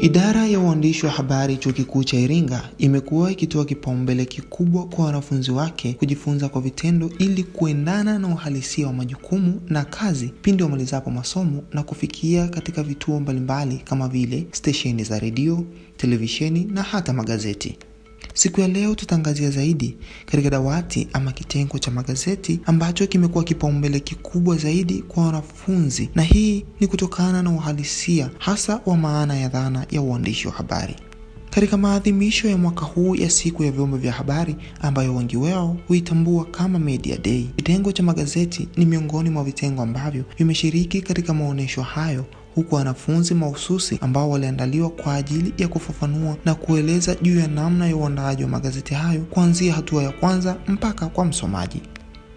Idara ya uandishi wa habari Chuo Kikuu cha Iringa imekuwa ikitoa kipaumbele kikubwa kwa wanafunzi wake kujifunza kwa vitendo ili kuendana na uhalisia wa majukumu na kazi pindi wamalizapo masomo na kufikia katika vituo mbalimbali kama vile stesheni za redio, televisheni na hata magazeti. Siku ya leo tutaangazia zaidi katika dawati ama kitengo cha magazeti ambacho kimekuwa kipaumbele kikubwa zaidi kwa wanafunzi, na hii ni kutokana na uhalisia hasa wa maana ya dhana ya uandishi wa habari. Katika maadhimisho ya mwaka huu ya siku ya vyombo vya habari ambayo wengi wao huitambua kama Media Day, kitengo cha magazeti ni miongoni mwa vitengo ambavyo vimeshiriki katika maonyesho hayo, huku wanafunzi mahususi ambao waliandaliwa kwa ajili ya kufafanua na kueleza juu ya namna ya uandaaji wa magazeti hayo kuanzia hatua ya kwanza mpaka kwa msomaji.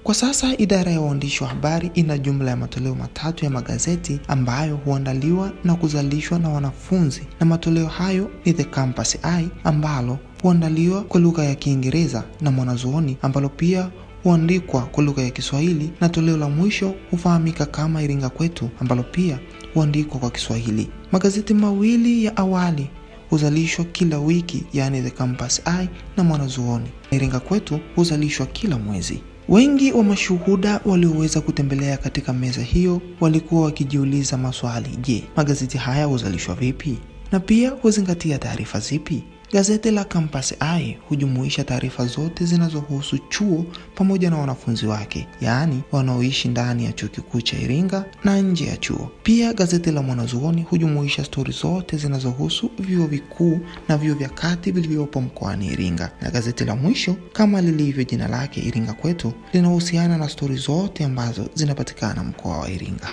Kwa sasa idara ya waandishi wa habari ina jumla ya matoleo matatu ya magazeti ambayo huandaliwa na kuzalishwa na wanafunzi, na matoleo hayo ni The Campus Eye ambalo huandaliwa kwa lugha ya Kiingereza na Mwanazuoni ambalo pia huandikwa kwa lugha ya Kiswahili na toleo la mwisho hufahamika kama Iringa Kwetu ambalo pia huandikwa kwa Kiswahili. Magazeti mawili ya awali huzalishwa kila wiki, yaani The Campus Eye na Mwanazuoni. Iringa Kwetu huzalishwa kila mwezi. Wengi wa mashuhuda walioweza kutembelea katika meza hiyo walikuwa wakijiuliza maswali: je, magazeti haya huzalishwa vipi? na pia huzingatia taarifa zipi? Gazeti la Campus i hujumuisha taarifa zote zinazohusu chuo pamoja na wanafunzi wake, yaani wanaoishi ndani ya chuo kikuu cha Iringa na nje ya chuo. Pia gazeti la Mwanazuoni hujumuisha stori zote zinazohusu vyuo vikuu na vyuo vya kati vilivyopo mkoani Iringa, na gazeti la mwisho kama lilivyo jina lake, Iringa Kwetu, linahusiana na stori zote ambazo zinapatikana mkoa wa Iringa.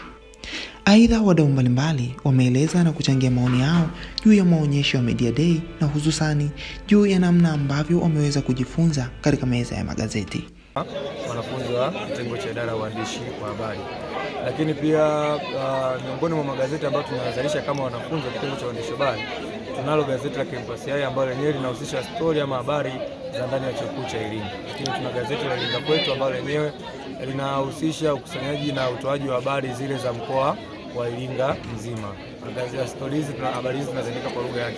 Aidha, wadau mbalimbali wameeleza na kuchangia maoni yao juu ya maonyesho ya Media Day na hususani juu ya namna ambavyo wameweza kujifunza katika meza ya magazeti wanafunzi wa kitengo cha idara ya uandishi wa habari. Lakini pia uh, miongoni mwa magazeti ambayo tunazalisha kama wanafunzi wa kitengo cha uandishi wa habari tunalo gazeti la Campus Yai ambalo lenyewe linahusisha stori ama habari za ndani ya chuo kikuu cha Iringa. Lakini tuna gazeti la Iringa Kwetu ambalo lenyewe linahusisha ukusanyaji na utoaji wa habari zile za mkoa wa Iringa mzima. Tunaangazia stori hizi tuna habari hizi zinazoandika kwa lugha ya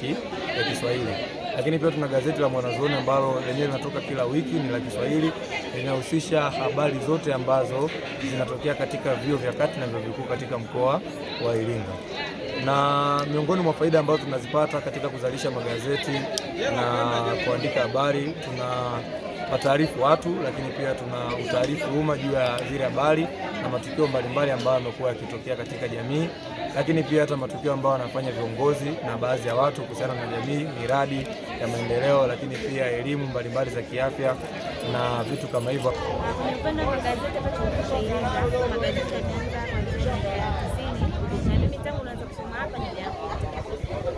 Kiswahili, lakini pia tuna gazeti la Mwanazuoni ambalo lenyewe linatoka kila wiki, ni la Kiswahili, linahusisha habari zote ambazo zinatokea katika vyuo vya kati na vyuo vikuu katika mkoa wa Iringa na miongoni mwa faida ambazo tunazipata katika kuzalisha magazeti na kuandika habari tuna wataarifu watu, lakini pia tuna utaarifu umma juu ya zile habari na matukio mbalimbali ambayo yamekuwa yakitokea katika jamii, lakini pia hata matukio ambayo wanafanya viongozi na baadhi ya watu kuhusiana na jamii, miradi ya maendeleo, lakini pia elimu mbalimbali za kiafya na vitu kama hivyo.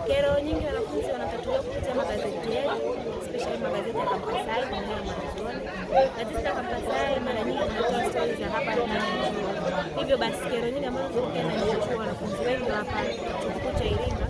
Kero nyingi wanafunzi wanatatuliwa kupitia magazeti yetu, especially magazeti ya Kampasai pamoja na Maratoni. Gazeti la Kampasai mara nyingi linatoa stori za hapa na hivyo basi, kero nyingi ambazo zilikuwa zinawachukua wanafunzi wengi hapa chuo kikuu cha Iringa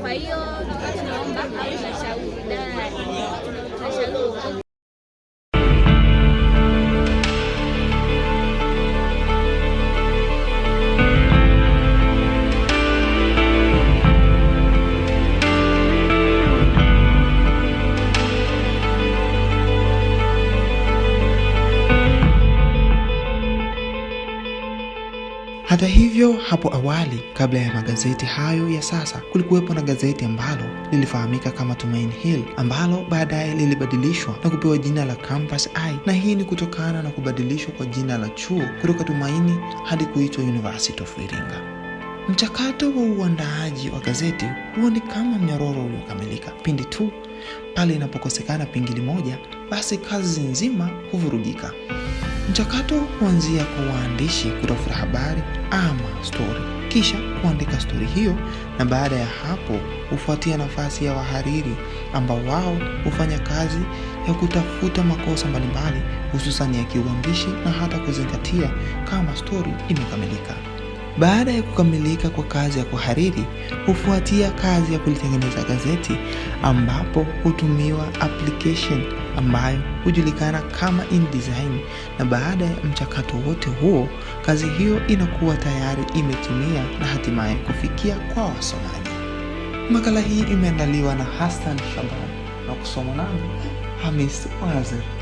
Kwa hiyo tunaomba au tunashauri Hata hivyo, hapo awali, kabla ya magazeti hayo ya sasa, kulikuwepo na gazeti ambalo lilifahamika kama Tumaini Hill ambalo baadaye lilibadilishwa na kupewa jina la Campus i na hii ni kutokana na kubadilishwa kwa jina la chuo kutoka Tumaini hadi kuitwa University of Iringa. Mchakato wa uandaaji wa gazeti huo ni kama mnyororo uliokamilika. Pindi tu pale inapokosekana pingili moja, basi kazi nzima huvurugika. Mchakato huanzia kwa waandishi kutafuta habari ama stori, kisha kuandika stori hiyo, na baada ya hapo hufuatia nafasi ya wahariri ambao wao hufanya kazi ya kutafuta makosa mbalimbali, hususani ya kiuandishi na hata kuzingatia kama stori imekamilika. Baada ya kukamilika kwa kazi ya kuhariri, hufuatia kazi ya kulitengeneza gazeti ambapo hutumiwa application ambayo hujulikana kama InDesign, na baada ya mchakato wote huo, kazi hiyo inakuwa tayari imetimia na hatimaye kufikia kwa wasomaji. Makala hii imeandaliwa na Hassan Shaban na kusoma nami Hamis Wazir.